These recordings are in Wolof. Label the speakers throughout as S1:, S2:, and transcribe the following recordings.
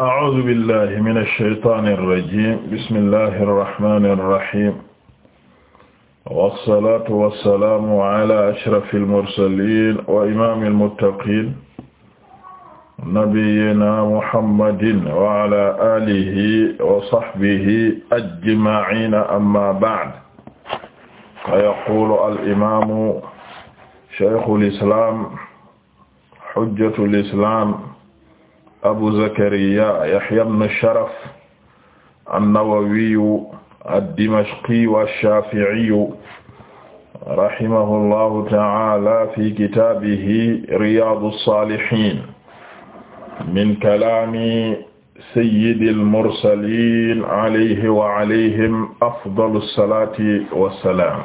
S1: أعوذ بالله من الشيطان الرجيم بسم الله الرحمن الرحيم والصلاة والسلام على أشرف المرسلين وإمام المتقين نبينا محمد وعلى آله وصحبه أجمعين أما بعد فيقول الإمام شيخ الإسلام حجة الإسلام abu zakariya yahya ibn sharaf an-nawawiyu ad-dimashqiyu ash-shafi'iyu rahimahullahu ta'ala fi kitaabihi riyaadu saalihiin min kalaami sayyidil mursaliin alayhi wa alayhim afdalu salaati wa salaam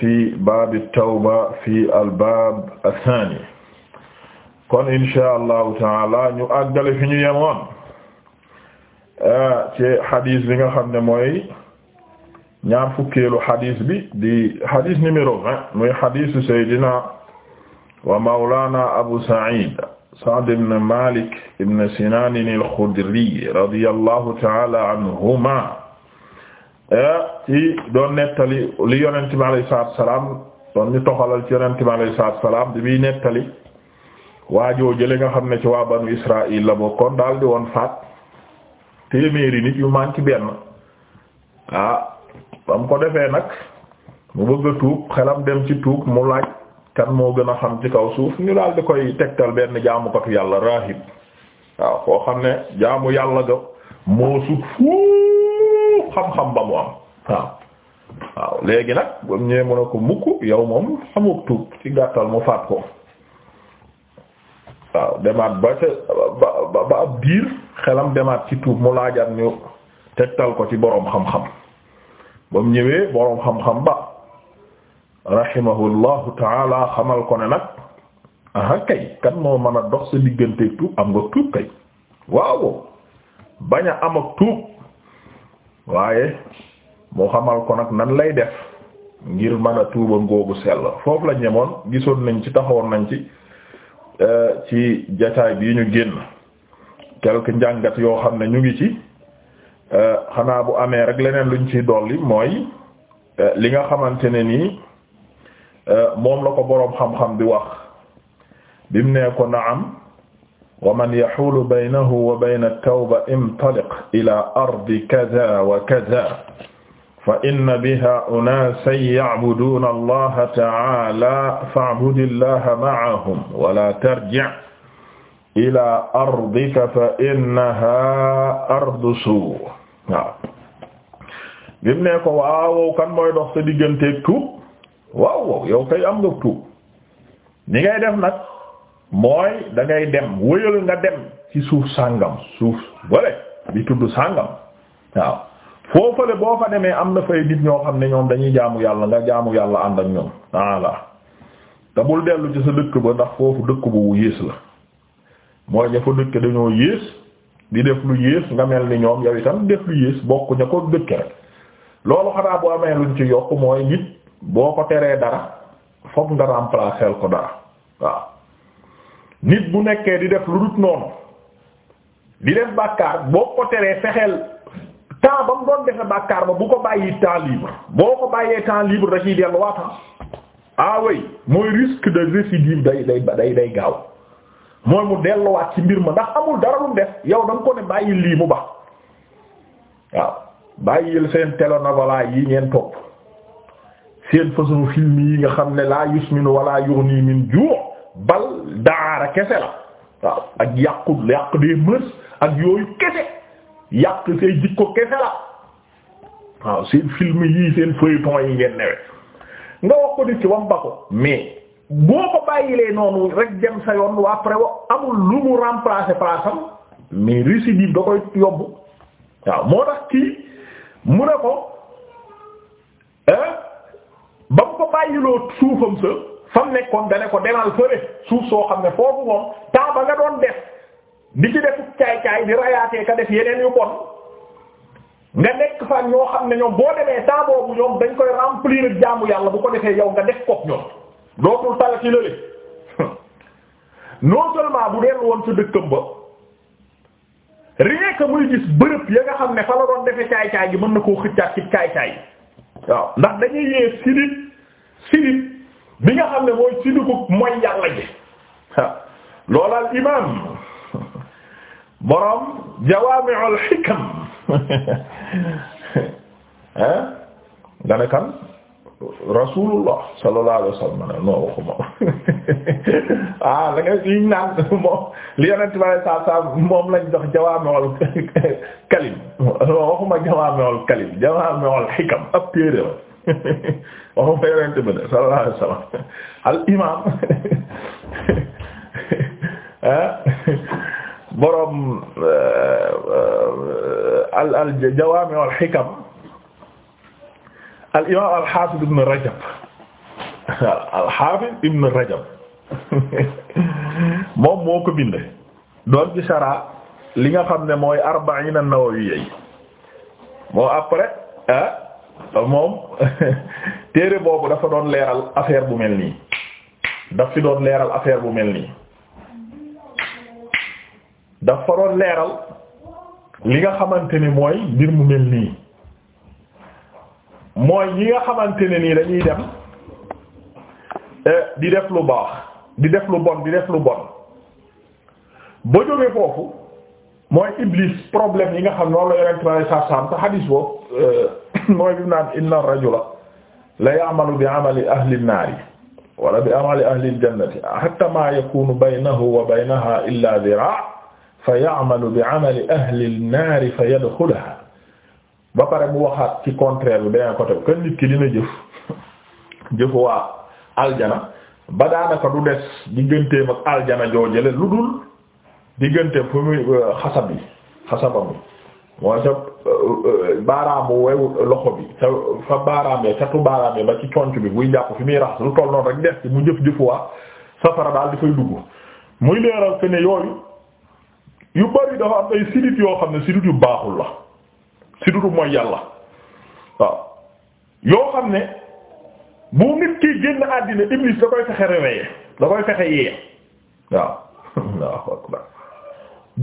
S1: fi baabi tawba fi albaab ath-thaani kon insha allahu taala ñu àggale fi ñu yemoon eh, ci hadith bi nga xam ne mooy ñaar fukkeelu hadith bi di hadith numéro vingt muy hadithu saydina wa mawlana abu sa'id sa'd ibn malik ibn sinan al-khudri radiyallahu taala anhuma eh, ci doon nettali li yonente bi alayhi salaatu wa salaam doon ñu toxalal ci yonente bi alayhi salaatu wa salaam bi nettali waajoo jële nga xam ne ci waa banu Israël la bokkoon daal di woon faat téeméeri nit yu manqué benn ah bam ko defee nag mu bëgg a tuub xelam dem ci tuub mu laaj kan moo gën a xam ci kaw suuf ñu daal di koy tegtal benn jaamukatu yàlla rahib waaw koo xam ne jaamu yàlla ga
S2: moo sut fuuf xam-xam ba mu am waaw léegi nag ba mu ko mukk yow moom xamuk tuub ci gàttal mu faat ko waaw demaat ba ca
S1: ba ba ab diir xelam demaat ci tuub mu laajaat ñu tegtal ko ci boroom xam-xam ba mu ñëwee boroom xam-xam ba rahimahullahu taala xamal ko ne nag aha kay kan moo mën a dox sa digganteeg tuub am nga tuub kay waaw bañ a am ak tuub waaye mu xamal ko nag nan lay def ngir man a tuuba ngoogu sell foofu la ñemoon gisoon nañ ci taxawoon nañ ci Euh, ci jataay bii ñu génn quelque njàngat yoo xam ne ñu ngi ci euh, xanaa bu amee rek leneen luñ ci dolli mooy euh, li nga xamante ne nii moom la ko boroom xam-xam bi wax bim nee ko naam wa man yaxulu baynahu wa bayna at-tawba imtaliq ila ardi kaza wa kaza fa inna biha unaasan ya'buduuna allaha ta'aala fa'budillaha ma'ahum wa laa tarji' ilaa ardika fa innahaa ardu suu' waaw. bi mu ne ko waaw kan mooy dox sa digganteeg tuub waaw yow kay
S2: am nga tuub ni ngay def nag mooy da ngay dem wëyal nga dem
S1: ci suuf sàngam suuf boole bi tudd sàngam waaw. foofale boo fa demee am na fay nit ñoo xam ne ñoom dañuy jaamu yàlla nga jaamu yàlla ànd ak ñoom voilà te bul dellu ci sa dëkk ba ndax foofu dëkk bu yées la mooy ña
S2: dëkk dañoo yées di def lu yées nga mel ni ñoom yow itam def lu yées bokk ña boo ko teree dara fokk nga remplacer ko dara bu nekkee di def lu dut noonu di def bàkkaar boo ko teree fexeel temps ba mu doon defe bàkkaar ba bu ko bàyyi temps libre boo ko bàyyee temps libre da ciy dellu waatam ah. ah oui mooy risque de récidive day day day day gaaw mooy mu delluwaat ci mbir ma ndax amul dara lu def yow da nga ko ne bàyyi lii mu baax waaw bàyyil seen télénovela yi ngeen topp seen façon film yi nga xam ne laa yusminu wala yughni min ju' bal daara kese la waaw ak yàqu yàq des mœurs ak yooyu kese yàq say jikko kese la waaw seen film yii seen feuilleton yi ngeen newe nga wax ko nit ci wax ba mais boo ko bàyyilee noonu rek dem sa yoon waa après amul lu mu remplacer place am mais récidive da koy yomb waaw moo tax kii mu ne ko ba mu ko bàyyiloo suufam sa fam nekkoon da ko demal rek suuf soo xam ne foofu moom temps ba nga doon def di ci def caay caay di rayaatee ka def yeneen yu bon nga nekk fa ñoo xam ne ñoom boo demee saa bu ñoom dañ koy remplir ak jaamu yàlla bu ko defee yow nga def koog ñoom dootul tala ci lële non seulement bu dellu woon sa dëkkam ba rien que muy gis bërëb ya nga xam ne fa la doon defee caay caay gi mën na koo xëccaat ci caay caay waaw ndax dañuy yee sidit sidit bi nga xam ne mooy sidiku mooy yàlla ji waaw loolu al borom jawaami'ul hikam ah nga ne kan rasulullah sallallahu alayhi wa sallam ma ne non waxuma ah la nga liñ naan moom li yonent bi saa saa moom lañ jox jawaami'ul kalim waxuma jawaami'ul kalim jawaami'ul hikam ab téere la waxuma yonent bi sallallahu alayhi wa sallam
S1: al imam ah. boroom euh, euh, al al jawaami wal xikam al imaam al xaafid ibn rajab al
S2: xaafid ibn rajab moom moo ko bind doon ci li nga xam ne mooy arba'iin an moo après ah, moom téere boobu dafa doon leeral affaire bu mel nii daf fi doon leeral affaire bu mel nii dafa doon leeral li nga xamante ni mooy mbir mu nii mooy ñi nga xamante ne nii dañuy dem eh, di def lu baax di def lu bon di def lu bo ba jógee foofu mooy iblis problème yi nga xam noonu la yonent bi saa saam te xadiis boobu eh,
S1: mooy bi mu naan inna rajula la ya'malu bi amali ahli an-naari wala bi amali ahli al-jannati hatta ma yakunu baynahu wa baynaha illa dhiraa' fa ya'malu bi 'amali ahli naar fa yadxuluhaa ba pare mu waxaat ci contraire bi beneen côté bi kan nit ki dina jëf jëfu waa aljana
S2: ba daanaka du des digganteem ak aljana joojale lu dul digganteem fu muy euh, xasab yi xasabam bi
S1: mooy sa euh, euh, baaraamu
S2: wewu loxo bi sa fa baaraamee catu baaraamee ci conc bi buy jàpp fi muy raxas lu toll noonu rek des mu jëf jëfu safara daal di fay dugg muy leeral que ne yooyu yu bari dafa am ay sidit yoo xam ne sidit yu baaxul la siditu mooy yàlla waaw yoo xam ne bu nit ki génn àddina iblis da koy fexe réveiller da koy fexe yee
S1: waaw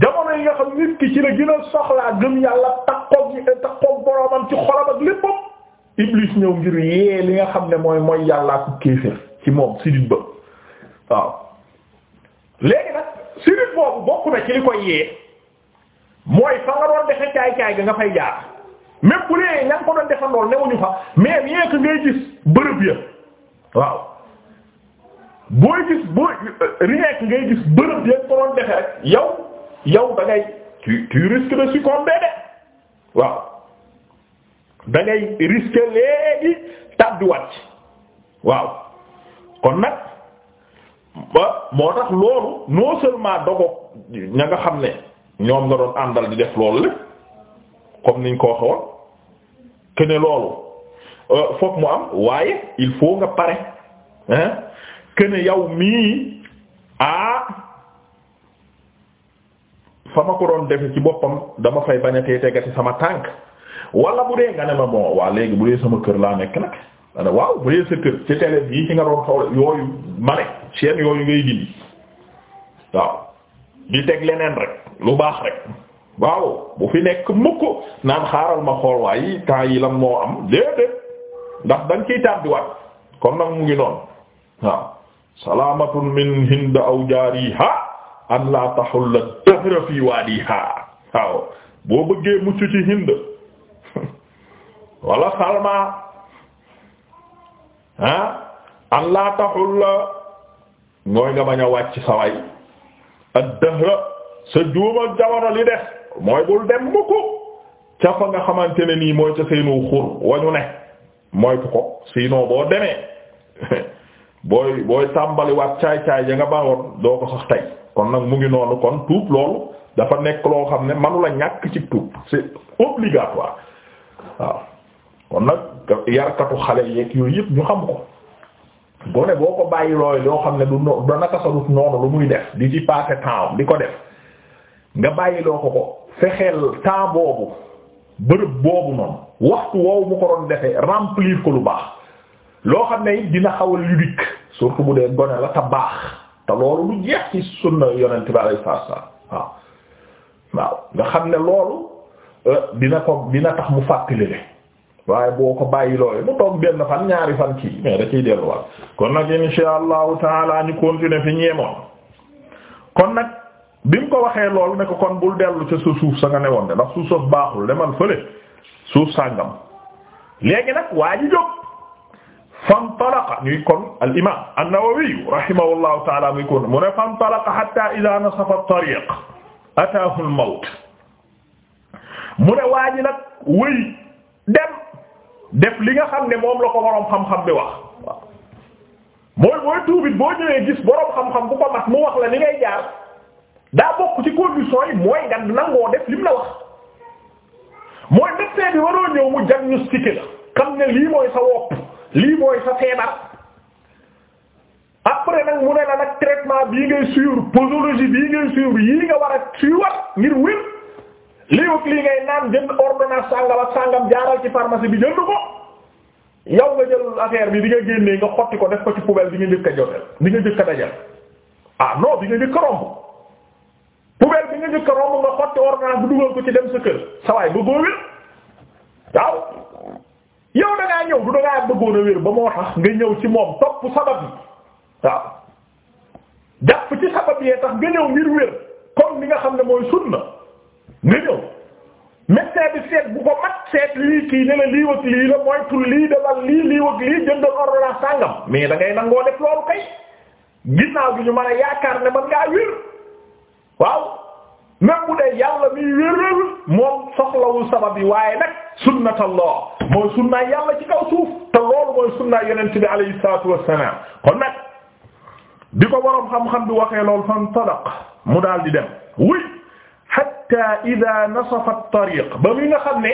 S2: jamono yi nga xam nit ki ci la gën a soxlaa gëm yàlla takkoog takkoog boroomam ci xolam ak léppam iblis ñëw ngir yee li nga xam ne mooy mooy yàllaa ko
S1: kéefër ci moom
S2: sidit ba waaw léegi nag sirif boobu bokk na ci li koy yee mooy fa nga doon defe caay caay ga nga fay jaar même bu dee nga ko doon defandool newuñu fa mais bien que ngay gis bërëb ya waaw booy gis booy rien ngay gis bërëb ya nga ko doon defe rek yow yow da ngay tu tu risques de succomber de waaw da ngay risquer léegi tabbiwaat waaw kon nag. ba moo tax loolu no seulement dogoog ña nga xam ne ñoom nga doon àndal di def loolu lépp comme niñ ko waxoon que loolu euh, fokk mu am waaye il faut nga pare hein que yow mii ah fa ko doon defe ci boppam dama fay bañ a tee sama tànk wala bu dee nga ne ma bon waa léegi bu dee sama kër laa nekk nag. ma ne waaw bu dee sa kër ci télé bii ci nga doon xool yooyu ma ne seen yooyu ngay dindi waaw di teg leneen rek lu baax rek waaw bu fi nekk mukk naan xaaral ma xool waaye temps yi lan moo am déedéet ndax dañ ciy tàbbiwaat kon nag mu ngi noonu waaw salaamatun min hind aw jaariha an la taxulla dahra fi waadiha waaw boo bëggee mucc ci hind wala salma ah an laa taxul la mooy nga bañ a wàcc sa way ad-dahra sa juuma jamono li def mooy bul dem mukk ca fa nga xamante ne nii mooy ca seenu
S1: xur wañu ne moytu ko sinon boo demee booy booy tàmbali waat caay-caay ya nga bawoon doo ko sax tey kon nag mu ngi noonu kon tuub loolu
S2: dafa nekk loo xam ne manu la ñàkk ci tuub c'est obligatoire waaw kon nag yarkatu xale yeeg yooyu yëpp ñu xam ko gone boo ko bàyyi looy loo xam ne du no da naka sadut noonu lu muy def di ci passer temps di ko def nga bàyyi loo ko ko fexeel temps boobu bërëb boobu noonu waxtu woowu mu ko doon defee remplir ko lu baax loo xam ne it dina xaw a ludique surtout bu dee gone la te baax te loolu lu jeex ci sunna yonent bi alayhi salaam waaw waaw nga xam ne loolu euh, dina ko dina tax mu fàttali le waaye boo ko bàyyi looyu mu toog benn fan ñaari fan kii mais da ciy delluwaat kon nag insha allahu taala ñu continuer fi ñeemoon kon nag bi mu ko waxee lool ne ko kon bul dellu ca sa suuf sa nga newoon de ndax suuf soof baaxul demal fële suuf sàngam léegi nag waa ji jóg fantalaqa ñuy kon al imam an-Nawawi rahimahullahu taala muy kon mu ne fantalaqa hatta idha nasafa at-tariq ataahu al-mawt mu ne waa ji nag dem def li nga xam ne moom la ko boroom xam-xam bi wax waaw mooy mooy tuubit boo ñëwee gis boroom xam-xam bu ko mu wax la ni ngay jaar daa bokk ci condition yi mooy nga nangoo def lim la wax mooy médecin bi waroo ñëw mu diagnostiqué la xam ne lii mooy sa wopp lii mooy sa feebar après nag mu ne la nag traitement bi ngay suivre posologie bii ngay suivre yii nga war a suivre ngir wér lii ak lii ngay naan jënd ordonnance sàngam ak sàngam jaaral ci pharmacie bi jënd ko yow nga jël affaire bi di nga génnee nga xotti ko def ko ci poubelle bi nga njëkk a joteel bi nga njëkk a dajal ah non bi nga njëkk a romb poubelle bi nga njëkk a romb nga xotti ordonnance bu dugal ko ci dem sa kër sa waay bëggoo wér waaw yow da ñëw du da ngaa bëggoon a wér ba moo tax nga ñëw ci moom topp sabab yi waaw jàpp ci sabab yee tax nga ñëw ngir wér comme ni nga xam ne mooy sunna nga ñëw médecin bi seet bu ko mat seet lii kii ne la lii wëkk lii la moytul lii defal lii lii wëkk lii jëndal ordonnance sàngam mais da nangoo def loolu kay ginnaaw bi ñu mën yaakaar ne man ngaa wér waaw même bu dee yàlla miy wéral moom soxlawul sabab yi waaye nag sunnatallah mooy sunnaay yàlla ci kaw suuf te loolu mooy sunnaay yonent bi alayhi salaatu wassalaam kon nag di ko boroom xam-xam bi waxee lool fan sadaq mu daal di dem wuy hatta ida nasafa tariq ba nga xam ne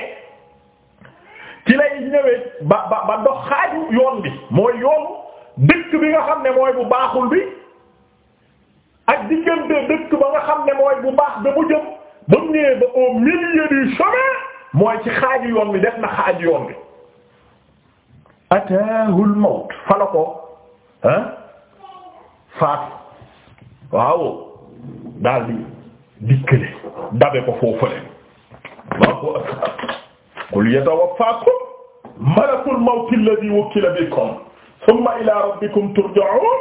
S2: ci lay ñëwee ba yoon bi mooy yoonu dëkk bi nga xam ne mooy bu baaxul bi ak diggante dëkk ba nga xam ne mooy bu baax ba mu jëm mu ñëwee ba mooy ci xaaju yoon bi def na xaaju yoon bi ataahu al mawt fala ko ah faatu waaw dikkale dabe ko foofale Allahu akbar qul yatawaffakum malakul mawti alladhi wukkila bikum thumma ila rabbikum turja'un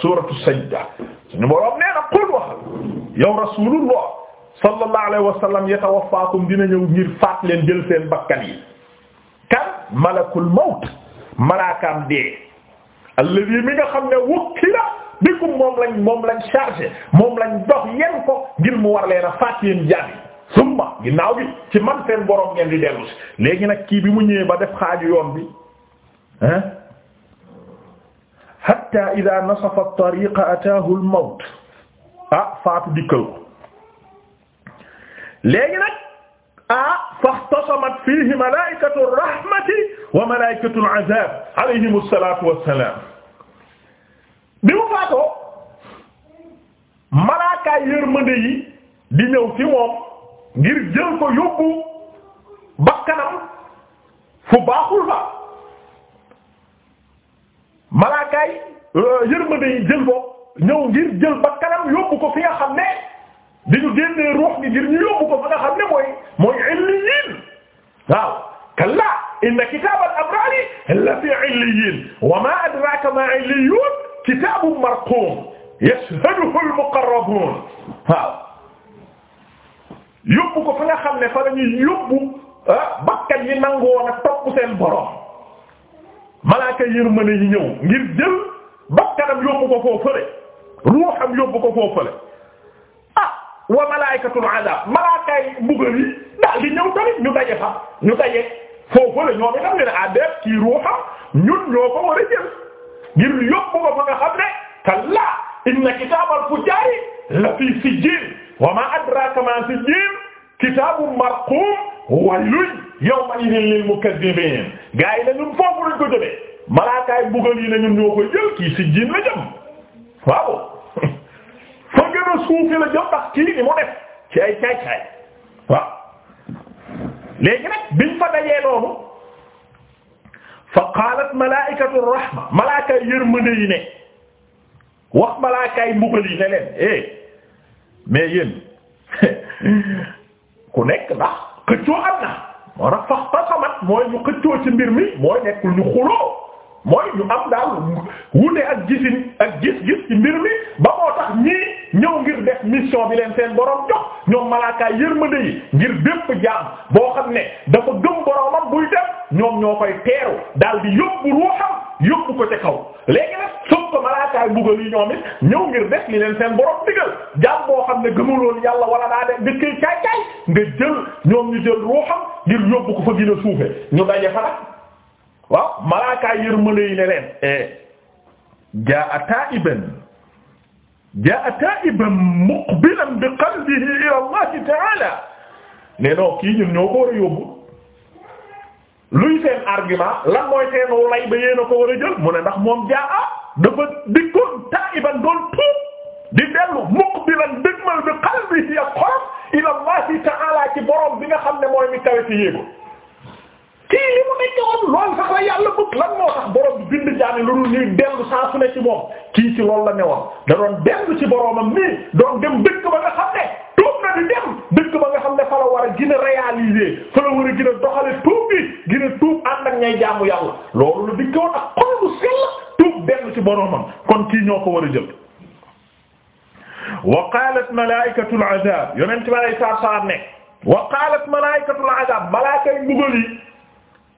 S2: suuratu sajda suñu boroom nee na qul wax yow rasulullah sallallahu alayhi wa sallam yatawaffaakum dina ñëw ngir faat leen jël seen bakkan yi kan malakul mawt malaakaam dee alladhi mi nga xam ne wukkila dëggum moom lañ moom lañ chargé moom lañ dox yen ko ngir mu war leen a faat yéen ginnaaw bi ci man seen borom ngeen di dellu léegi nag kii bi mu ñëwee ba def xaaju yoon bi ah hatta ida nasafa at-tariqa ataahu al-mawt ah faatu dikkal ko léegi nag ah wa malaa'ikatu al-'azaab alayhimu was-salaam bi mu faatoo malaakaay yërmande yi di ñëw ci moom ngir jël ko yóbbu bakkanam fu baaxul fa malaakaay euh, yërmande yi jël ko ñëw ngir jël bakkanam yóbbu ko fi nga xam ne di ñu génnee ruux gi ngir ñu yóbbu ko fa nga xam ne mooy mooy illiyin waaw kalla inna kitaabal abraari la fi illiyin wa ma adraaka ma illiyun kitaabun marquum yashhaduhu al-muqarrabuun waaw yóbbu ko fa nga xam ne fa la ñuy yóbbu ah, bakkan yi nangu woon a topp seen borom malaaka yërmande yi ñëw ngir jël bakkanam yóbbu ko foofu fële ruuxam yóbbu ko foofu fële ah wa malaa'ikatul azaab malaakaay mbugal yi daal di ñëw tamit ñu daje fa ñu daje foofu fële ñoo ngi xam ne ne ah déet kii ruuxam ñun ñoo ko war a jël. ngir yóbbu ko fa nga xam ne kalla inna la fii sijjiin wa maa adraaka maa sijjiin kitaabun marquum waylun yawma idin lil mukazzibiin gaa yi ne ñun foofu lañ ko jëlee malaakaay bugal yi ne ñun ñoo ko jël kii sijjiin la jëm waaw fa gën a suufi la jëm ndax kii ni mu def ci ay caay caay fa qaalat malaa'ikatu rahma malaakaay yërmande yi ne wax malaakaay mbugal ne leen eh mais yéen ku nekk ndax xëccoo am na moo tax fax mooy ñu xëccoo ci mbir mi mooy nekkul ñu xuloo mooy ñu am daal wute ak gis-gis ci mbir mi ba moo tax ñii ñëw ngir def mission bi leen seen borom jox ñoom malaakaay yërmande ngir bépp jaam boo xam ne dafa gëm boromam buy def ñoom ñoo koy teeru daal di yóbbu ruuxam yóbbu ko ca kaw léegi nag soog ko malaakaay buggal yi ñoom ngir def li leen seen borom digal jaam boo xam ne gëmuloon yàlla wala daa def dëkkee caay caay nga jël ñoom ñu jël ruuxam ngir yóbbu ko fa gën suufe ñu daje fa nag waaw malaakaay yërmande yi ne eh, jaa a taiban jaa taa'iban muqbilan bi qalbihi ila Allah ta'ala ne non kii ñun ñoo ko war a yóbbu luy seen argument lan mooy seen lay ba yéen ko war a jël mu ne ndax moom jaa a dafa dikkoon taa'iban doon tuub di dellu muqbilan dëgmal bi qalbihi ak xolam ila Allah ta'ala ci borom bi nga xam ne mooy mi kawe ci yéegu. kii sax la yàlla bëgg lan moo tax borom bi bind jaami lu dul ñuy ci moom kii ci loolu la newoon da doon dellu ci boromam nii doon dem dëkk ba nga tuub na di dem ba nga xam ne fa la war a gën a réaliser fa a gën a doxale tuub bi gën a tuub ànd ak ñay jaamu yàlla loolu lu dikk woon ak xol tuub dellu ci boromam kon kii ñoo ko a jël wa qalat malaikatu al-azab yonent bi alayhi salaatu wa salaam ne wa qalat malaikatu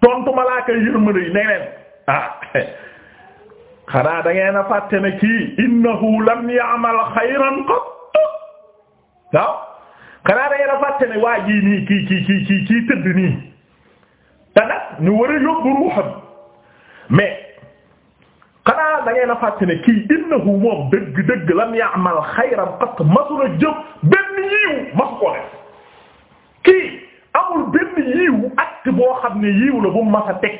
S2: tontu malaaka yërmande yi ne leen ah xanaa da ngeen a fàtte ne ya'mal xayran qat waaw xanaa da ngeen a fàtte ne kii kii kii kii kii tëdd nii te nag ñu war a yóbbu ruuxam mais xanaa da ngeen kii innahu moom dëgg dëgg lam ya'mal xayran qat masula jëf benn yiw masu kii yiiw acte boo xam ne yiiw la bu mu mas a teg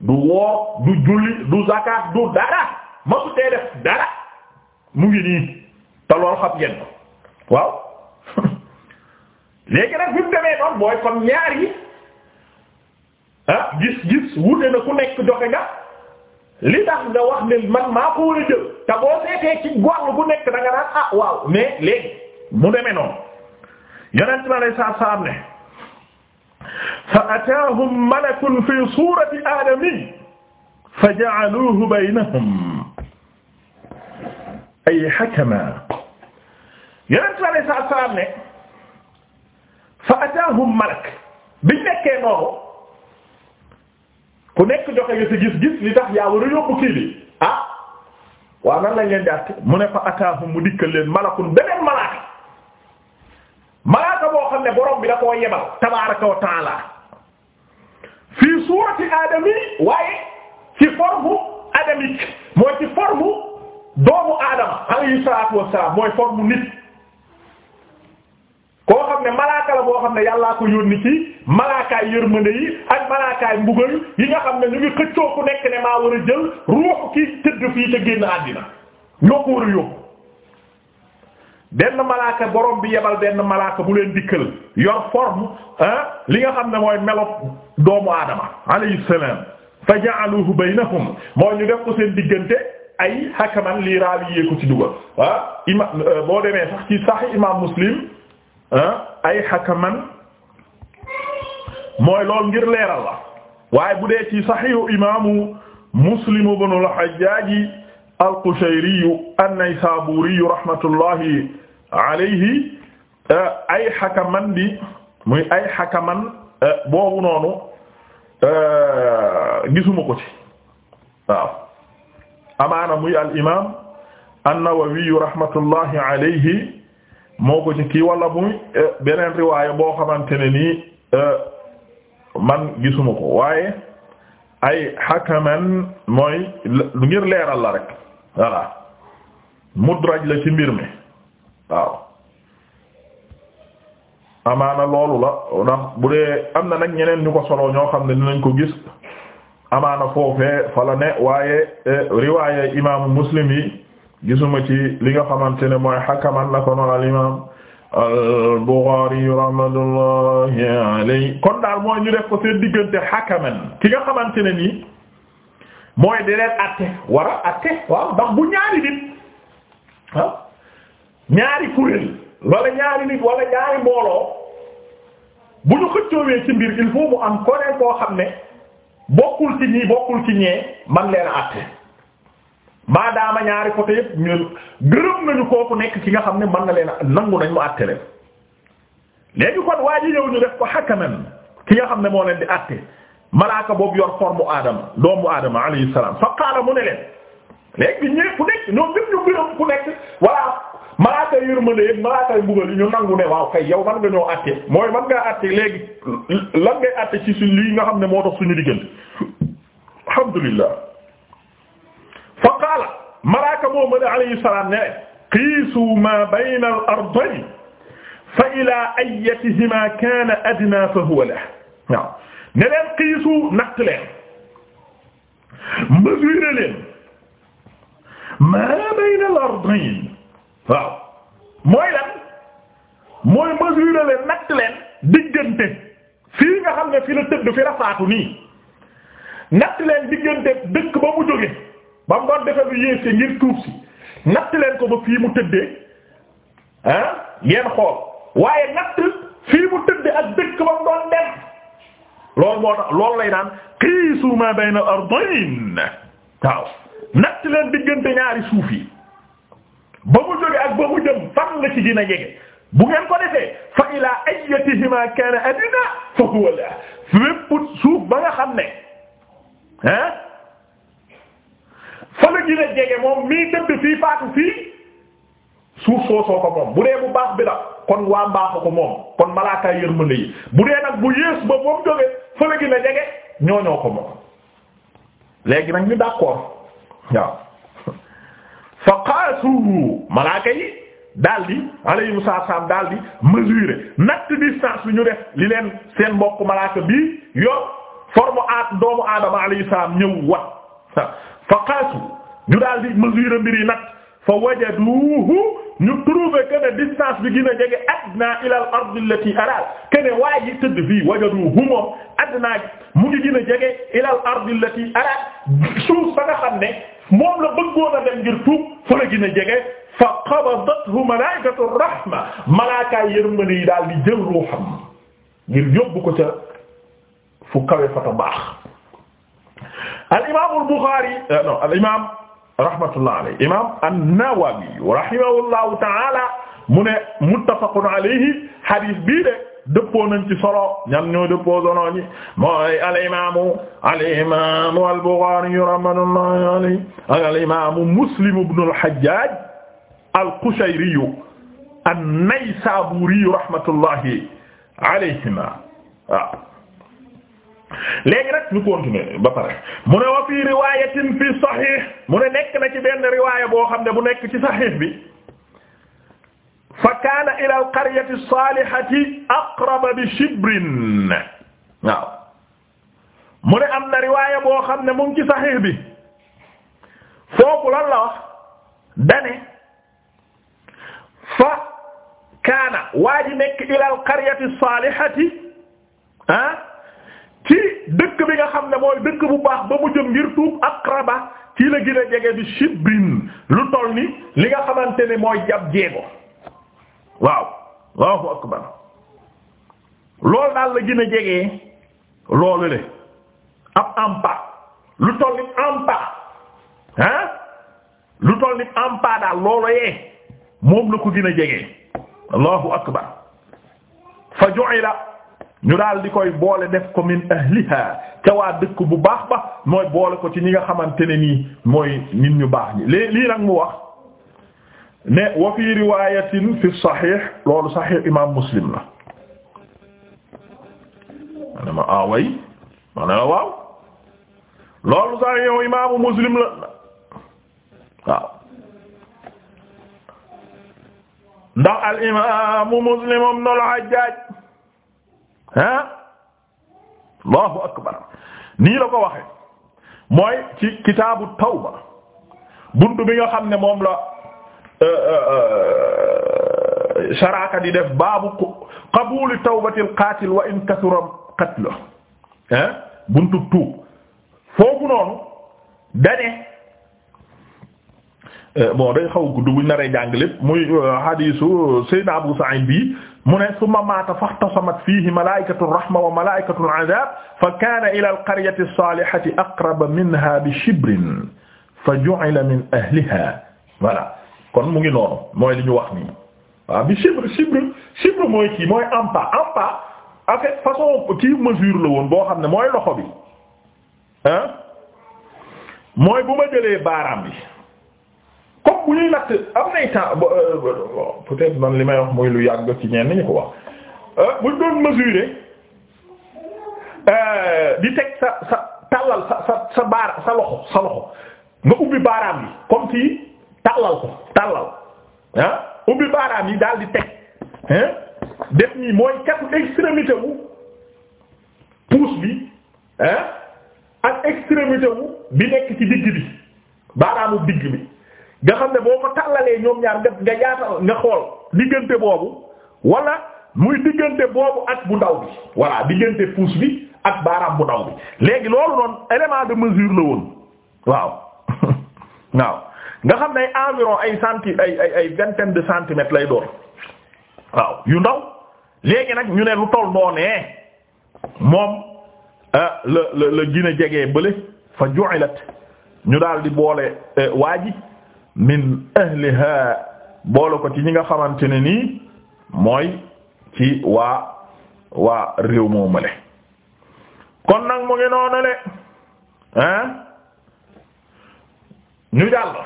S2: du woor du julli du zakat du dara masu tee def dara mu ngi nii te xam ngeen ko waaw léegi nag bi mu demee noonu booy kon ñaar yi ah, gis gis wute na ku nekk joxe nga li tax nga wax ne man maa ko war te boo seetee ci góor bu nekk da nga naan ah waaw mais léegi mu demee noonu yonent bi sallallahu alayhi wasallam ne fa ataahum malakun fi suurati aadami fa ja'aluuhu baynahum ay hakaman yeneen sa alay sa salaam ne fa ataahum malak biñ nekkee noonu ku nekk joxe nga si gis-gis li tax yaa war a yóbbu kii bi ah waaw nan lañ leen di àtte mu ne fa ataahum mu dikkal leen malakun beneen malaaka malaaka boo xam ne borom bi da koo yebal tabaaraka wa ta'aala fii suurati aadami waaye ci forme adamique mooy ci forme doomu aadama alayhi salaatu wassalaam mooy forme nit koo xam ne malaaka la boo xam ne yàllaa ko yónni ci malaakaay yërmande yi ak malaakaay mbugal yi nga xam ne ñu ngi xëccoo ku nekk ne maa war a jël ruux ki tëdd fii te génn àddina ñoo ko war a yóbbu benn malaaka borom bi yebal benn malaaka bu leen dikkal yor forme li nga xam ne mooy melo doomu aadama alayhi salaam fa ja'aluhu baynahum moo ñu def seen diggante ay hakaman lii raawi yéeku ci dugal ah ima euh, boo demee sax imam Muslim ay hakaman mooy lool ngir leeral la bu dee ci Sahihu imaamu Muslim ibn al-Hajjaj al-Qushayri an-Naysaburi rahmatullahi alayhi eh, ay xakaman di muy ay xakaman eh, boobu noonu eh, gisuma ko ci waaw amaana muy al imaam an-Nawawi rahmatullahi alayhi
S1: moo ko ci kii wala muy beneen riwaaya boo xamante ne nii man gisuma ko waaye. ay hakaman mooy lu ngir leeral la rek voilà mudraj la ci mbir mi waaw amaana loolu la ndax bu dee am na nag ñeneen ñu ko solo ñoo xam ne nañ ko gis amaana foofee fa la ne waaye eh, riwaaye imaamu muslim yi gisuma ci li nga xamante ne mooy hakaman la ko noonu al imaam al-Bukhari rahmatullahi kon daal mooy ñu def ko
S2: seen diggante hakaman ki nga xamante ne nii mooy di leen atte war a atte waaw ndax bu ñaari nit ah, ñaari kuréel wala ñaari nit wala ñaari mbooloo bu ñu xëccoowee ci mbir il faut mu am ko ne koo xam ne bokkul ci ñii bokkul ci ñee man leen a atte maadaama ñaari côté yëpp ñun gërëm nañu kooku nekk ci nga xam ne mën na leen nangu nañ mu àtte leen léegi kon waa ji ñëw ñu def ko hakaman ki nga xam ne moo leen di àtte malaaka boobu yor formu aadama doomu aadama alayhi salaam fa mu ne leen léegi bi ñëwee ku nekk ñoom ñëpp ñu gërëm ku nekk voilà malaaka yërmande yëpp malaaka mbugal yi ñu nangu ne waaw kay yow man nga ñoo àtte mooy man ngaa àtte léegi lan ngay àtte ci suñ lii nga xam ne moo tax suñu fa qaala malaaka moo ma ne alayhi salaam ne qiisu ma bayna al ardayn fa ila ayyatihima kaana adnaa fa huwa lahu waaw ne leen qiisu natt leen mesurer leen ma bayna al ardayn waaw mooy lan mooy mesurer leen natt leen diggante fii nga xam ne fi la tëdd fi rafaatu nii natt leen diggante dëkk ba mu jóge ba mu doon defee lu yéese ngir tuub si natt leen ko ba fii mu tëddee ah ngeen xool waaye natt fii mu tëddee ak dëkk ba mu doon dem loolu moo tax lay naan qiisu ma bayna ardayn waaw natt leen diggante ñaari suuf yi ba mu jóge ak ba mu jëm fan la ci dina jege bu ngeen ko defee fa ilaa ayyatihima kaana adna fa huwa la fépp suuf ba nga xam ne ah. fa la gën a jege moom mii tëdd fii faatu fii suuf soosoo ko moom bu dee bu baax bi la kon waa mbaaxu ko moom kon malaaka yërmande yi bu dee nag bu yées ba moom jógee fa la gën a jege ko léegi nag ñu d'accord waaw fa qaasuhu malaaka yi daldi alayhimu salaam daldi mesurer natt distance ñu def li seen mbokk malaaka bii yor forme aat doomu aadama alayhi salaam ñëw wat fa qaasu ñu daal di mesure mbir yi nag fa wajaduhu ñu trouvé que ne distance bi gën a jege adna ila al ard allati araad que ne waa ji tëdd fii wajaduhu moom adna mu ngi gën a jege ila al ard allati araad suuf sa nga xam ne moom la bëggoon a dem ngir tuub fa la gën a jege fa qabadathu malaikatu rahma malaaka yërmande yi daal di jël ruuxam ngir yóbbu ko ca fu kawe fa ta baax. al imaamul Buxaari euh, non al imaam rahmatullah alayhi imaam an-Nawawi rahimahullahu ta'ala mu ne muttafaqun alayhi hadith bii de dëppoo nañ ci solo ñan ñoo dëppoo solo ñi mooy al imaamu al imaamu al Buxaari rahmatullahi alayhi ak al imaamu Muslim ibn al Hajjaj al Qushayri an-Naysaburi rahmatullahi alayhima waaw. léegi nag ñu
S1: continuer ba pare
S2: mu ne wa fii riwaayatin fi sahih mu ne nekk na ci benn riwaaya boo xam ne bu nekk ci sahih bi fa kaana ila al qaryati salihati aqraba bi shibrin waaw mu ne am na riwaaya boo xam ne mu ngi ci sahih bi foofu lan la wax dane fa kaana waa ji nekk ila al qaryati salihati ah ci dëkk bi nga xam ne mooy dëkk bu baax ba mu jëm ngir tuub akraba ci la gën a jege bi shibrin lu toll ni li nga xamante ne mooy jab jeego waaw Allahu akbar loolu daal la gën a jege loolu le ab ampa lu toll ni ampa ah lu toll ni ampa daal loolu yee moom la ko gën a jege Allahu akbar fa ju'ila ñu daal di koy boole def ko min ahliha ca waa dëkk bu baax ba mooy boole ko ci ñi nga xamante ne nii mooy nit ñu baax ñi lii lii nag mu wax ne wa waaw loolu sahih imaamu muslim la ndax al imaamu muslim ibn al ah Allahu akbar nii la ko waxe mooy ci kitaabu tawba buntu bi nga xam ne moom la euh, euh, euh, sharaka di def baabu qabuli tawbatil qatil wa in kathura qatluhu ah buntu tuub foofu noonu dane Euh, bon day xaw gudd buñ naree jàng lépp muy euh, hadisu euh, Seydina Abu Sa'id bi mu ne summa maata faxtasamat fiihi malaa'ikatu rahma wa malaa'ikatu al'azaab fa kaana ila alqaryati kon mu ngi noonu mooy li wax nii waaw bi shibr mooy kii mooy ampa ampa en fait façon kii mesure la woon boo ne mooy loxo bi ah mooy bu ma jëlee bi. ñoom bu ñuy natt am nay temps euh,
S1: peut-être man li may wax mooy lu yàgg ci ñenn ñu ko wax
S2: euh, buñ doon mesurer euh, di teg sa sa tàllal sa sa sa sa loxo sa loxo nga ubbi baaraam bi comme si tàllal ko tàllal ah ubbi baaraam yi daal di teg hein def nii mooy catu extrémité wu bi hein ak extrémité bi nekk ci digg bi baaraamu digg bi nga xam ne boo ko tàllalee ñoom ñaar nga nga yaatal nga xool diggante boobu wala muy diggante boobu ak bu ndaw bi voilà diggante pouce bi ak baaraam bu ndaw bi léegi loolu noonu élément de mesure la woon waaw waaw nga xam ne ay environ ay centi ay ay ay vingtaine de centimètres lay doon waaw yu ndaw léegi nag ñu ne lu toll noonee moom la la la gën a jege bële fa ju'ilat ñu daal di boole euh, waa ji min ahliha boole ko ci ñi nga xamante ne nii mooy ci waa waa réew moomale kon nag mu ngi noonu le ah ñu jàll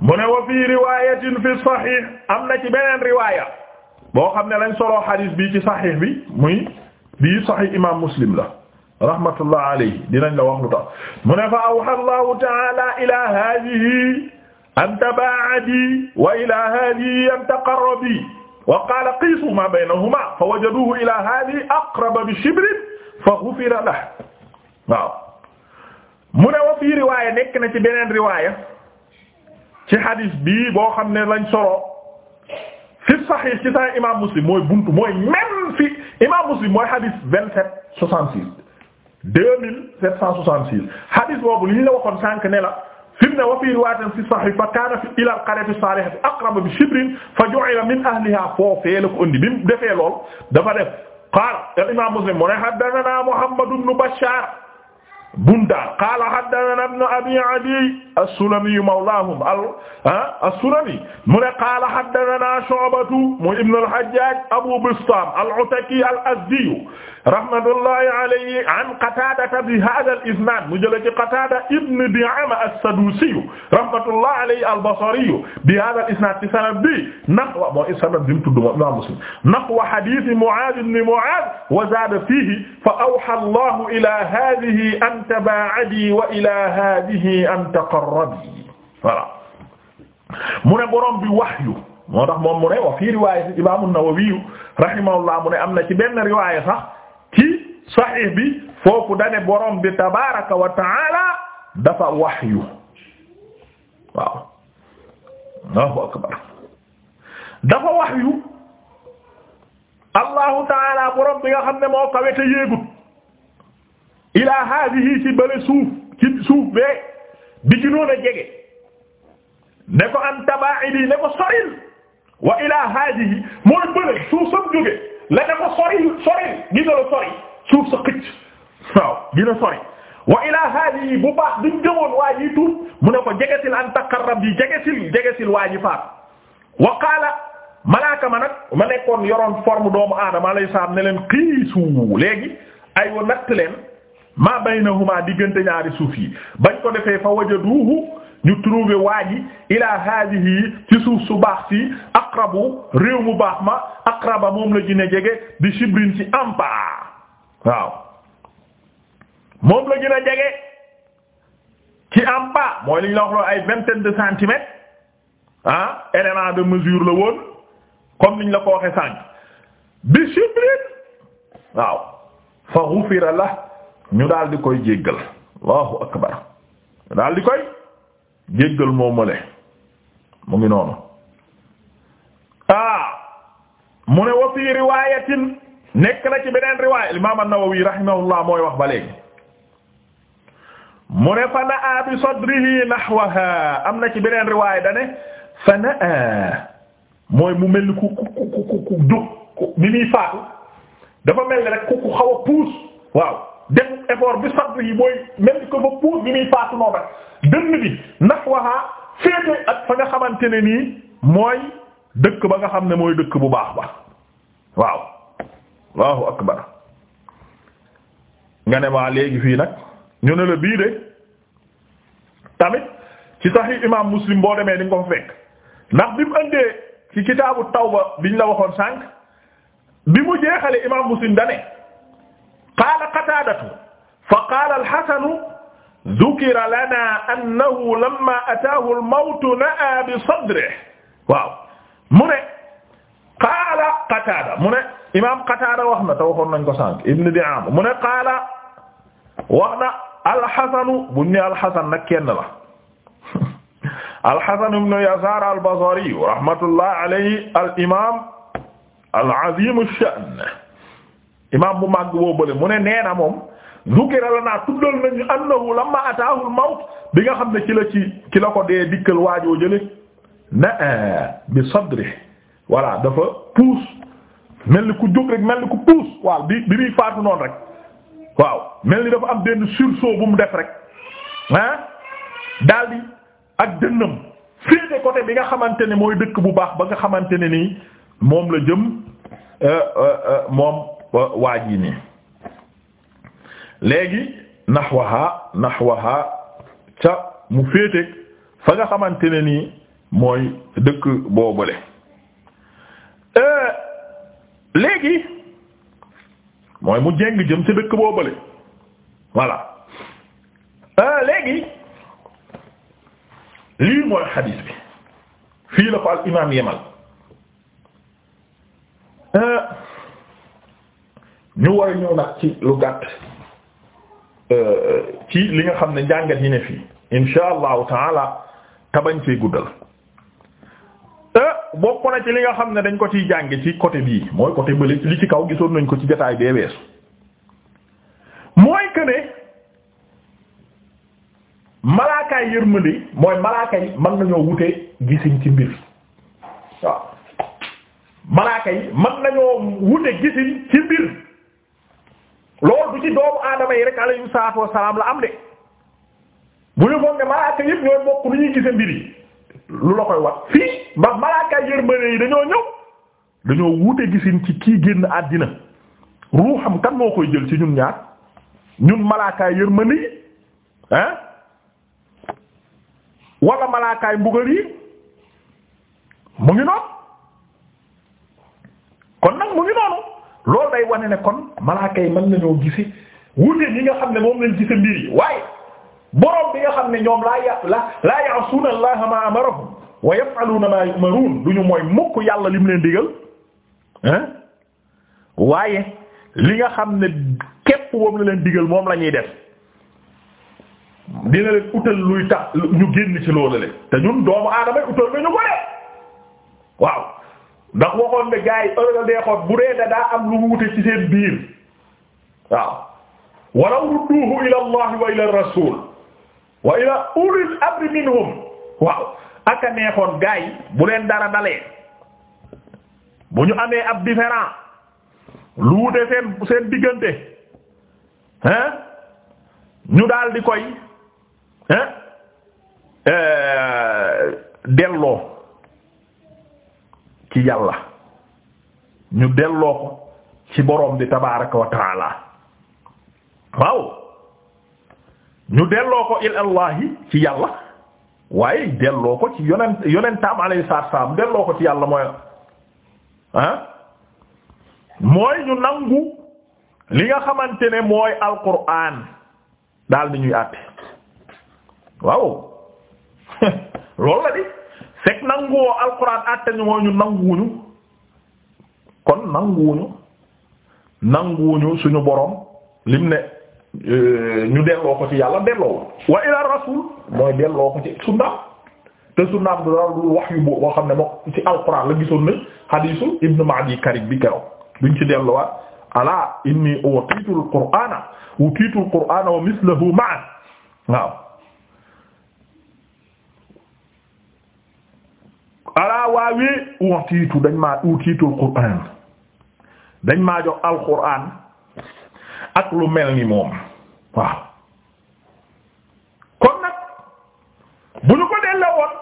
S2: mu wa fii riwayatin fi sahih am na ci beneen riwaya boo xam ne lañ soloo hadith bi ci sahih bi muy bii sahih imam muslim la rahmatullah alayhi dinañ la wax lu tax mu fa awha allahu ta'ala ila hadhihi an tabaadi wa ilaa haadihi an taqarrabi wa qaala qiisu maa baynahumaa fa wajaduuhu ilaa haadihi aqraba bi shibrin fa ghufira lahu waaw mu ne wa fii riwaaya nekk na ci beneen riwaaya ci hadis bii boo xam ne lañ solo fi saxiix ci saxiix imaam Muslim mooy buntu mooy même fi imaam Muslim mooy hadis vingt-sept soixante-six deux mille sept cent soixante-six hadis boobu li ñu la waxoon sànq ne la fi mu ne wa fii riwaayatin fi sahih fa kaana fi ila al-qaryati salihati aqrab bi shibrin fa ju'ila min ahliha foofee la ko indi bi mu defee lool dafa def qaala imaam Muslim mu ne haddathanaa Muhammad ibn Bashaar Bundaar qaala haddathanaa ibn Abi Adiy as-Sulami mawlaahum as-Sulami mu ne qaala haddathanaa Shu'batu mu ibn al-Hajjaaj Abu Bistaam al-Ataki al-Azdi rahmatullahi alayhi an Qataada bi haadha al-isnaad mu jëlee ci Qataada ibn Di'aama as-Saduusi rahmatullahi alayhi al-Basri bi haadha al-isnaad ci sanad bi naqwa mooy sanad bi mu tudd moom Imaam Muslim naqwa hadiis Mu'aaz ibn Mu'aaz wa zaada fiihi fa awhaa Allahu ilaa haadhihi an tabaa'adii wa ilaa haadhihi an taqarrabii voilà mu ne borom bi wahyu moo tax moom mu ne wa fii riwaaya Imaam an-Nawawi rahimahullah mu ne am na ci benn riwaaya sax sahih bi foofu dane borom bi tabaraka wa taala dafa wahyu waaw Allahu akbar dafa wahyu Allahu taala borom bi nga xam ne moo kawe te yéegut ilaa haadihi ci bële suuf ci suuf bee bi ci noon a jege ne ko an tabaidi ne ko soril wa ilaa haadihi mooy bële suuf sam jóge la ne ko soril soril gis nga la sori suuf sa xëcc waaw dina sori wa ilaa haadihi bu baax duñ jëmoon waa ji tuub mu ne ko jegesil an taqarrab yi jegesil jegesil waa ji faat wa qaala malaaka ma nag ma nekkoon yoroon forme doomu aadama alayhi salaam ne leen xiisu léegi ay wa natt leen maa baynahuma diggante ñaari suuf yi bañ ko defee fa wajaduhu ñu trouvé waa ji ilaa haadihi ci suuf su baax si aqrabu réew mu baax ma aqraba moom la gën jege bi shibrin ci ampa waaw moom la gën a jege ci en bas mooy li la wax loolu ay vingtaine de centimètres ah élément de mesure la woon comme niñ la ko waxe sànq bi Jibril waaw fa ghufira la
S1: ñu daldi koy jéggal Allahu akbar ñu daal koy jéggal moomale mu ngi noonu
S2: ah mu ne wa fi nekk na ci beneen riwaay imaam an-Nawawi rahimahullah mooy wax ba léegi mu ne fa naa bi sadrihi nahwaha am na ci beneen riwaay da ne fa naa mooy mu mel ni ku ku ku ku ku bi muy faatu dafa mel ni rek ku ku xaw puus waaw def effort bi sadri yi mooy mel ni ko fa puus bi muy faatu noonu rek dënn bi nahwaha féete ak fa nga xamante ne nii mooy dëkk ba nga xam ne mooy dëkk bu baax ba waaw allahu akbar nga ne maa léegi fii nag ñu ne la bii de tamit ci sahih imam muslim boo demee di nga ko fa fekk ndax bi mu andee ci kitaabu tawba biñ la waxoon sànq bi mu jeexale imam muslim dane qaala qataadatu fa qaala alxasanu dukira lana annahu lamma ataahu almawtu naa bi sadrihi waaw mu ne qaala Qataada mu ne imaam Qataada wax na te waxoon nañ ko sànq ibn Di'aama mu ne qaala wax na alxasanu buñ ne alxasan nag kenn la alxasan ibn Yasaar al-Basri rahmatullah alayhi al imaam al-aziim ash-sha'n imaam bu mag boo bële mu ne nee na moom zukira lanaa tuddal nañu annahu lamma ataahu al-mawt bi nga xam ne ci la ci ci la ko dee dikkal waajoo jële na bi sadrihi voilà dafa puus mel ni ku jóg rek mel ni ku puus waaw bi bi muy faatu noonu rek waaw mel ni dafa am benn sursaut bu mu def rek ah daldi ak dënnam féete côté bi nga xamante ne mooy dëkk bu baax ba nga xamante ne nii moom la
S1: jëm euh, euh, euh, moom waa ji nii léegi naxwaha naxwaha ca mu féete
S2: fa nga xamante ne nii mooy dëkk boobule. Euh, léegi mooy mu jeng jëm ci dëkk boobale voilà euh, léegi lii mooy xadiis bi fii la ko al imaam yemal euh, ñu war a nag ci lu gàtt ci li nga xam ne njàngat yi ne fii insha taala tabañ fee guddal bokk na ci li nga xam ne dañ ko ciy jànge ci côté bii mooy côté bële li ci kaw gisoon nañ ko ci jotaay bee weesu mooy que ne malaakaay yërmande mooy malaaka yi mën nañoo wute gisiñ ci mbir waaw ci mbir loolu du ci doomu aadama yi rek alayhi salaatu wassalaam la am de bu ñu foog ne malaaka yëpp ñooy bokk lu ñuy gise mbir yi lu la koy wax fii ba malaaka yërmande yi dañoo ñëw dañoo wuute gisin ci kii génn àddina ruuxam kan moo koy jël ci ñun ñaar ñun malaakaay yërmande yi ah wala malaakaay mbugal yi mu ngi noonu kon nag mu ngi noonu loolu day wane ne kon malaaka man mën nañoo gise wuute yi nga xam ne moom lañ gise mbir yi waaye boroom bi nga xam ne ñoom laa ya laa ya'suuna allaha ma amarahum wa yaf'aluuna ma yu'maruun duñu mooy mukk yàlla lim leen digal hein waaye li nga xam ne képp moom la leen digal moom lañuy ñuy def dina leen utal luy tax ñu génn ci loolu le te ñun doomu aadama yi utal nañu ko de waaw ndax waxoon ne gars yi dee xool bu dee da daa am lu wute ci seen biir waaw walaw rudduhu ila allah wa ila rasul wa ila ulil amri minhum waaw aka neexoon gaa yi bu leen dara dalee bu ñu amee ab différent lu wute seen seen diggante ñu daldi koy hein euh, delloo ci yàlla ñu delloo ko ci boroom bi tabaaraka wa waaw ñu delloo ko ilallahi ci yàlla waaye delloo ko ci yonent yonentam alayhi salaam delloo ko ci yàlla mooy ah mooy ñu nangu li nga xamante ne mooy alquran daal di ñuy àtte waaw loolu la di fekk nanguwoo alquran àtte ñu mooy ñu nanguwuñu kon nanguwuñu nanguwuñu suñu borom lim ne. Euh, ñu delloo ko ci yàlla delloo wa ila rasul mooy delloo ko ci sunna te sunna du dara lu wax yu xam ne moo ci alquran la gisoon na hadisu ibnu Ma'di Karib bi keroog duñ ci delluwaat ala inni utiitu alqur'ana utiitu alqur'ana wa mislahu ma'a waaw ala waawi utiitu dañ maa utiitu alqur'an dañ maa jox alqur'an ak lu mel ni moom waaw kon nag bu ñu ko delloo woon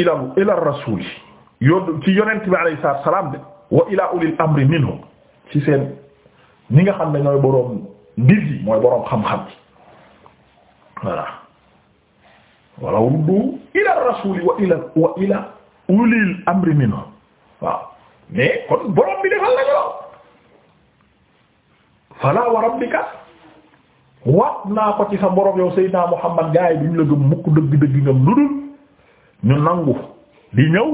S2: ila ila rasul yoon ci yonent bi alayhi salaam de wa ila ulil amri ci seen ñi nga xam ne ñooy boroom mbir yi mooy boroom xam-xam voilà wala ruddu ila rasul wa ila wa ila ulil waaw mais kon boroom bi defal la ñu fala waat naa ko ci sa borom yow Seydina Muhammad gaa yi duñ la gëm mukk dëgg-dëgg ngam lu dul ñu nangu di ñëw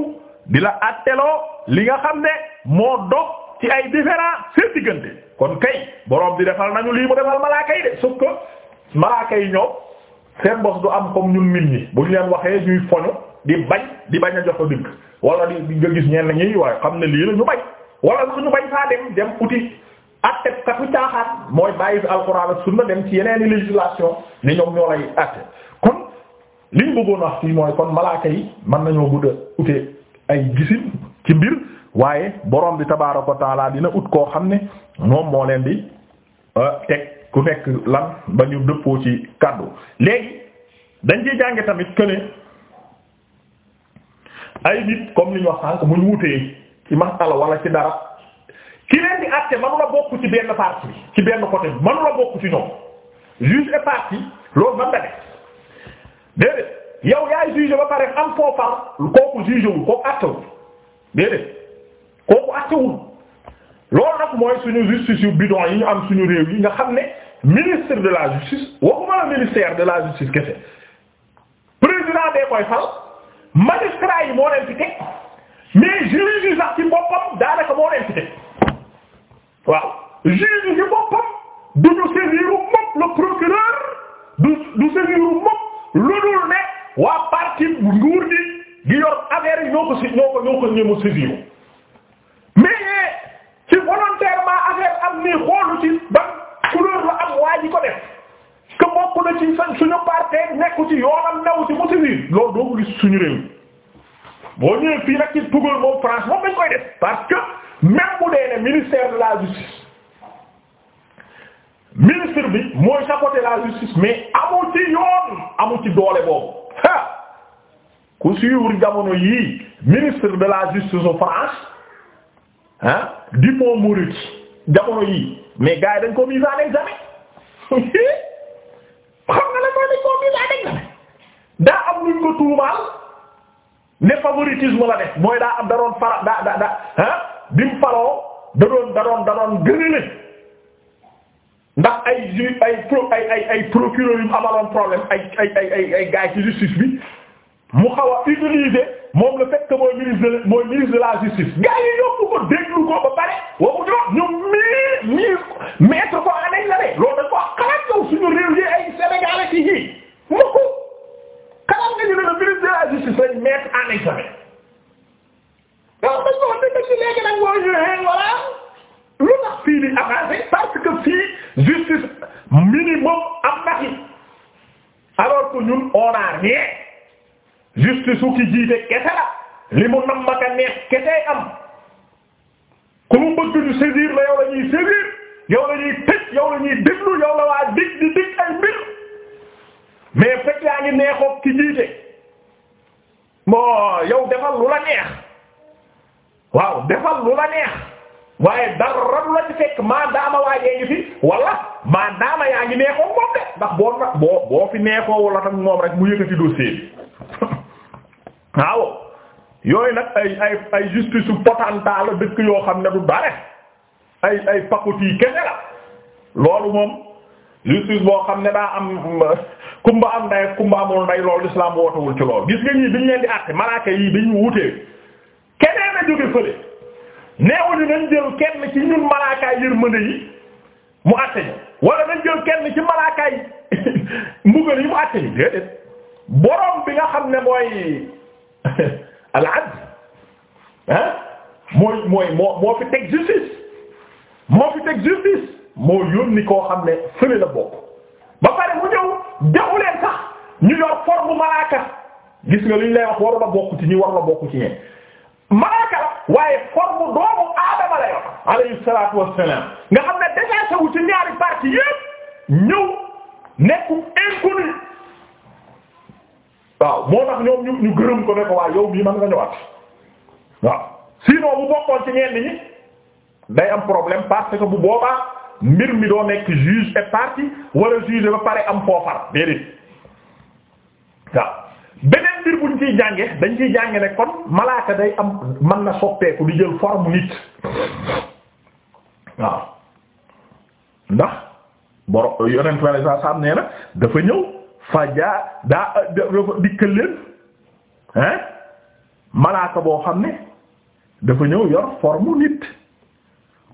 S2: di la atteloo li nga xam ne moo dog ci ay différent seen diggante kon kay boroom bi defal nañu lii mu defal malaaka yi de sauf que malaaka yi ñoom seen bos du am comme ñun nit ñi buñ leen waxee ñuy foñu di bañ di bañ a jox ko dëgg wala di nga gis ñenn ñi waaye xam ne lii la ñu bañ wala lu ñu bañ saa dem dem uti. atte katu caaxaat mooy bàyyi bi alxuraan ak sunna dem ci yeneen i législation ni ñoom ñoo lay atte kon liñ bëggoon wax fii mooy kon malaaka yi mën nañoo gudd a ute ay gisin ci mbir waaye boroom bi tabaaraka ko taala dina ut koo xam ne moom moo leen di euh, teg ku nekk lan ba ñu dëppoo ci kàddu léegi dañ ciy jànge tamit que ay nit comme li wax sànq mu ñu wutee ci masala wala ci dara. ki leen di àtte manu la bokk ci benn partie ci benn côté manu la bokk ci ñoom juge et partie loolu man la def déedéet yow yaay juge ba pare am foo far kooku juge wul kooku àttewul déedéet kooku àttewul loolu nag mooy suñu justice yu bidon yi ñu am suñu réew yi nga xam ne ministre de la justice waxuma la ministère de la justice kese président de koy fal magistrat yi moo leen mais juge sax ci boppam daanaka moo leen waaw juge yi boppam du ñu du du saisiru mukk lu dul ne waa parti nguur gi gi yor affaire yi ñoo ko si ñoo ko ñoo ko ñëmu saisiru mais ci volontairement affaire am ni xoolu ci ban couleur la am waa ji ko def que bokk na ci sa suñu parti nekku ci yoonam new ci mu saisir loolu doo ko gis suñu réew boo ñëwee fii nag ci tugal moom France moom dañ koy def parce que. même bu dee ne ministère de la justice ministre bi mooy chapeauter la justice mais amu ci yoon amu doole boobu ha ku suivre jamono yi ministre de la justice en France ah Dupond-Moretti jamono yii mais gars yi dañ ko mise en examen xam nga la mooy dañ ko mise en daa am luñ ko tuumaal ne favoritisme la def mooy daa am da doon fara da da da ah bim faroo da doon da doon da doon gënale ndax ay ju ay pro ay ay ay procureur yu amaloon problème ay ay ay ay ay gars ci justice bi mu xaw a utiliser moom le fait mooy ministre de mooy ministre de la justice gars yi yóbbu ko déglu ko ba pare waxu jox ñu mi mi mettre ko en exergue loolu dañ ko xalaat yow suñu réew yi ay Sénégalais yi mu xanaa nga ñu ne le ministre de la justice lañ mettre en examen. waaw dañ ko wax dëgg ci léegi nag moo ñëwee voilà lu tax fii di avancé parce que fii justice minimum am na fi alors que on a rien justice su ki jiite kese la li mu nam ka neex kese am ku mu bëgg ñu saisir la yow la ñuy saisir yow la ñuy tëj yow la ñuy déglu yow la waa dig di dig ay mbir. mais fekk yaa ngi neexoog ki jiite moo yow defal lu la neex waaw defal lu la neex waaye dara du la ci fekk maa daama waajee ngi fi wala maa yaa ngi neexoog moom de ndax boo boo fi neexoo wala tam moom rek mu yëkkati dossier bi waaw yooyu nag ay ay ay justice su potentat dëkk yoo xam ne du dara ay ay pakoti kese la loolu moom justice boo xam ne daa am hmm, kumba am nday kumba amul nday loolu lislaam wootewul ci loolu gis nga ñii biñ leen di àtte malaaka yi dañu wutee keneen a jóge fële neewuñu nañ jël kenn ci ñun malaakaay yi mu àtte ñu wala nañ jël kenn ci malaakaay mbugal yi mu àtte ñu déedéet boroom bi nga xam ne mooy al-adl ah, mooy mooy moo moo fi teg justice moo fi teg justice moo yónni koo xam ne fële la bokk ba pare mu ñëw dexu leen sax ñu yor forme malaaka gis nga liñ lay wax waru la bokk ci ñi waru la ci ñeen malaaka la waaye forme doomu aadama la yor alayhi salaatu wassalaam nga xam ne déchargé ci ñaari parti yépp ñëw nekkum inconnu waaw moo tax ñoom ñu ñu gërëm ko ne waaye yow mii man nga ñëwaat waaw sinon bu bokkoon ci ñenn ñi day am problème parce que bu boobaa mbir mi doo nekk juge et partie wala juge ba pare am foofar déedéet waaw beneen mbir buñ ciy jànge dañ ciy jànge ne kon malaaka day am mën na soppeeku di jël forme nit waaw ndax boro yonent wala sa sam nee na dafa ñëw fajaa daa dafa dikkal leen hein malaaka boo xam ne dafa ñëw yor forme nit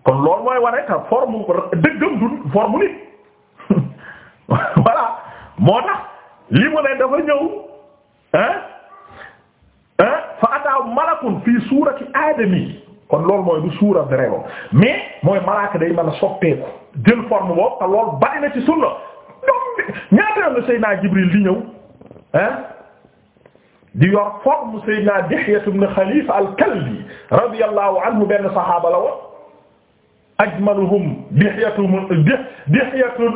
S2: kon loolu mooy waree ta forme dëggam du forme nit voilà moo li mu ne dafa ñëw ah ah fa ataaw malakun fii suurati aadami kon loolu mooy du suura vrai boobu mooy malaaka day mën a soppeeku jël forme boobu te loolu na ci sunna ñoom ñaata yoon la Jibril di ñëw ah di yor forme Seydina Dihya ibn Khalifa al-Kalbi radiyallahu anhu benn saxaaba la woon ajmaluhum dihyatuhum dihyatun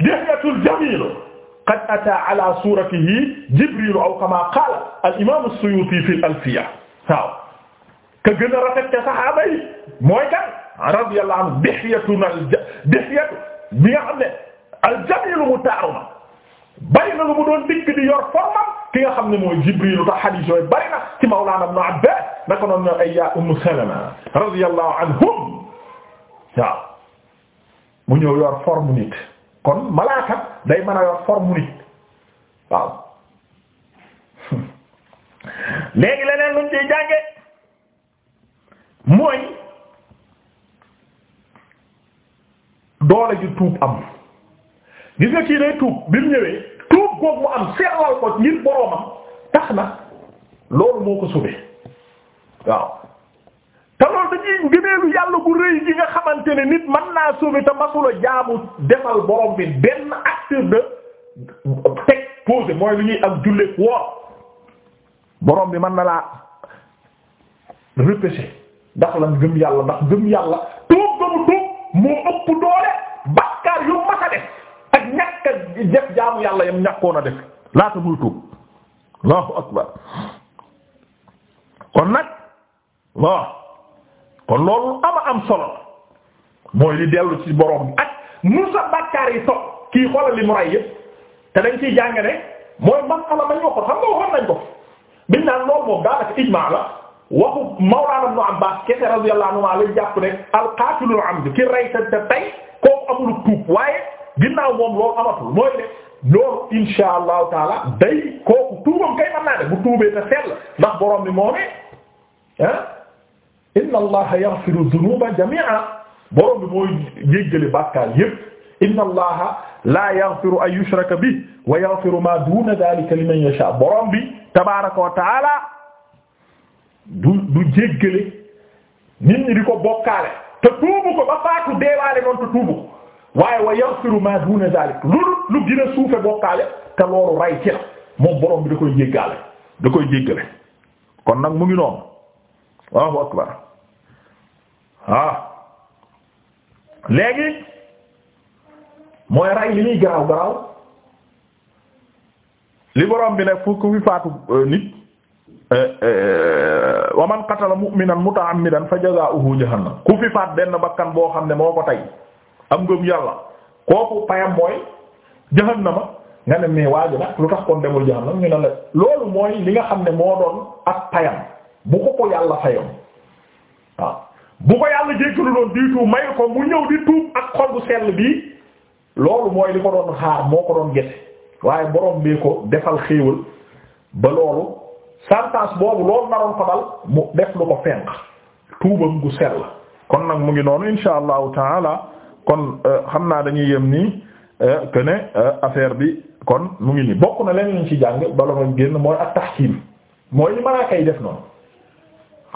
S2: dihyatul jamil qad ata ala suratihi jibril aw kama qala al imam as-suyuti fi al-alfiya waaw ka gën a rafet ca saxaaba yi mooy kan radiyallahu anhu dihyatun dihyatu bi nga xam ne al-jamil mu taaruma bari na lu mu doon dikk di yor formam ki nga xam ne mooy jibril ta hadith yooyu bari na ci mawlana ibn abbas naka noonu ay ya umm salama radiyallahu anhum waaw mu ñëw yor forme nit kon malaaka day mën a yor forme nit waaw léegi leneen luñ ciy jànge mooy doole ji tuub am gis nga kii day tuub bi mu ñëwee tuub googu mu am seeral ko ngir boroomam tax na loolu moo ko sauvé waaw te loolu dañuy ngëneelu yàlla bu rëy yi nga xamante ne nit mën naa sauver te masula jaamu defal borom bi benn acte de teg posé mooy lu ak julleek woor borom bi mën na laa repêché ndax lan gëm yàlla ndax gëm yàlla tuub gëmu tuub moo ëpp doole bakkaar yu mas a def ak ñàkk a def jaamu yàlla yam ñàkkoon a def laata muy tuub allahu akbar kon nag waaw kon loolu ama am solo mooy li dellu ci borom bi ak nu sa bàkkaar yi toog kii xoolal li mu te dañ ciy jàng ne mooy masala mañ waxoon xam nga waxoon nañ ko biñ naan loolu moom daanaka ijmaa la waxu Mawlaana Ibnu Abbaas kese radiyallahu anhu lay jàpp ne al-qaatilul amd ki rey te tey kooku amul tuub waaye ginnaaw moom loolu amatul mooy loolu insha allahu day kooku tuubam kay mën naa de bu tuubee te sell ndax borom bi moo ah inna allaha yaghfiru dhunuba jami'a borom bi mooy jéggale bàkkaar yépp inna allaha la yaghfiru an yushraka bihi wa yaghfiru ma duna dhalika liman yasha borom bi tabaaraka wa ta'ala du du jéggale nit ñi di ko bokkaale te tuubu ko ba faatu deewaale noonu te tuubu waaye wa yaghfiru ma duna dhalika lu lu gën a suufe bokkaale te loolu ray ci la moom borom bi da koy jéggaale da koy jéggale kon nag mu ngi noonu Allahu akbar waaw ah. léegi mooy ray li ñuy garaaw garaaw li borom bi ne fu ku fi faatu euh, nit euh, euh, wa man qatala mu'minan muta'ammidan fa jazaa'uhu jahannam ku fi faat benn bakkan boo xam ne moo ko tey am ngëm yàlla kooku payam mooy jahannama nga ne mais waa ji lu tax kon demul jahannam ñu ne la loolu mooy li nga xam ne moo doon ak payam bu ko ko yàlla fayoon waaw bu ko yàlla jéggalu doon di may ko mu ñëw di tuub ak xol bu sell bii loolu mooy li ko doon xaar moo ko doon gese waaye borom bi ko defal xéewal ba loolu sentence boobu loolu naroon ko dal mu def lu ko fenq tuubam gu sell
S1: kon nag mu ngi noonu insha allahu taala kon euh, xam naa dañuy yem nii euh, que ne euh, affaire bi kon mu ngi nii bokk na leen lañ ci jàng bala ma génn mooy ak taxkiim
S2: mooy li malaaka yi def noonu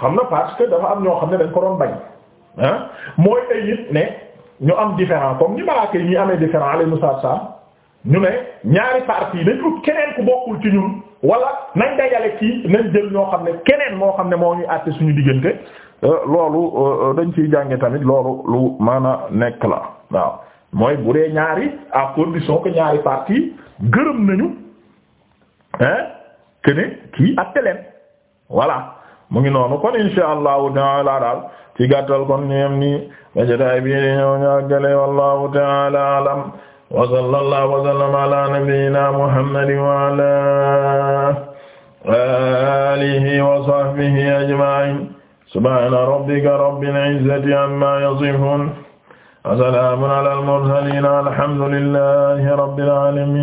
S2: xam na parce dafa am ñoo xam ne dañ ko doon bañ ah mooy ay ne ñu am différent comme ni malaaka yi ñuy amee différent alayhimu salaam ñu ne ñaari parties dañ ut keneen ku bokkul ci ñun wala nañ dajale kii nañ jël ñoo xam ne keneen moo xam ne moo ñuy àtte suñu diggante euh, loolu euh, dañ ciy jànge tamit loolu lu mën a nekk la waaw mooy bu dee ñaari à condition que ñaari parties gërëm nañu hein que kii àtte
S1: leen voilà. mu ngi noonu kon insha allahu taala daal ci gàttal kon ñu yem nii wajataay bi di ñëw ñu àggale wallahu taala alam wa sallallahu wa sallama ala nabiyyina muhammadin wa ala alihi wa sahbihi ajma'in subhana rabbika rabbil izzati amma yasifun wa salamun ala al mursalin alhamdulillahi rabbil alamin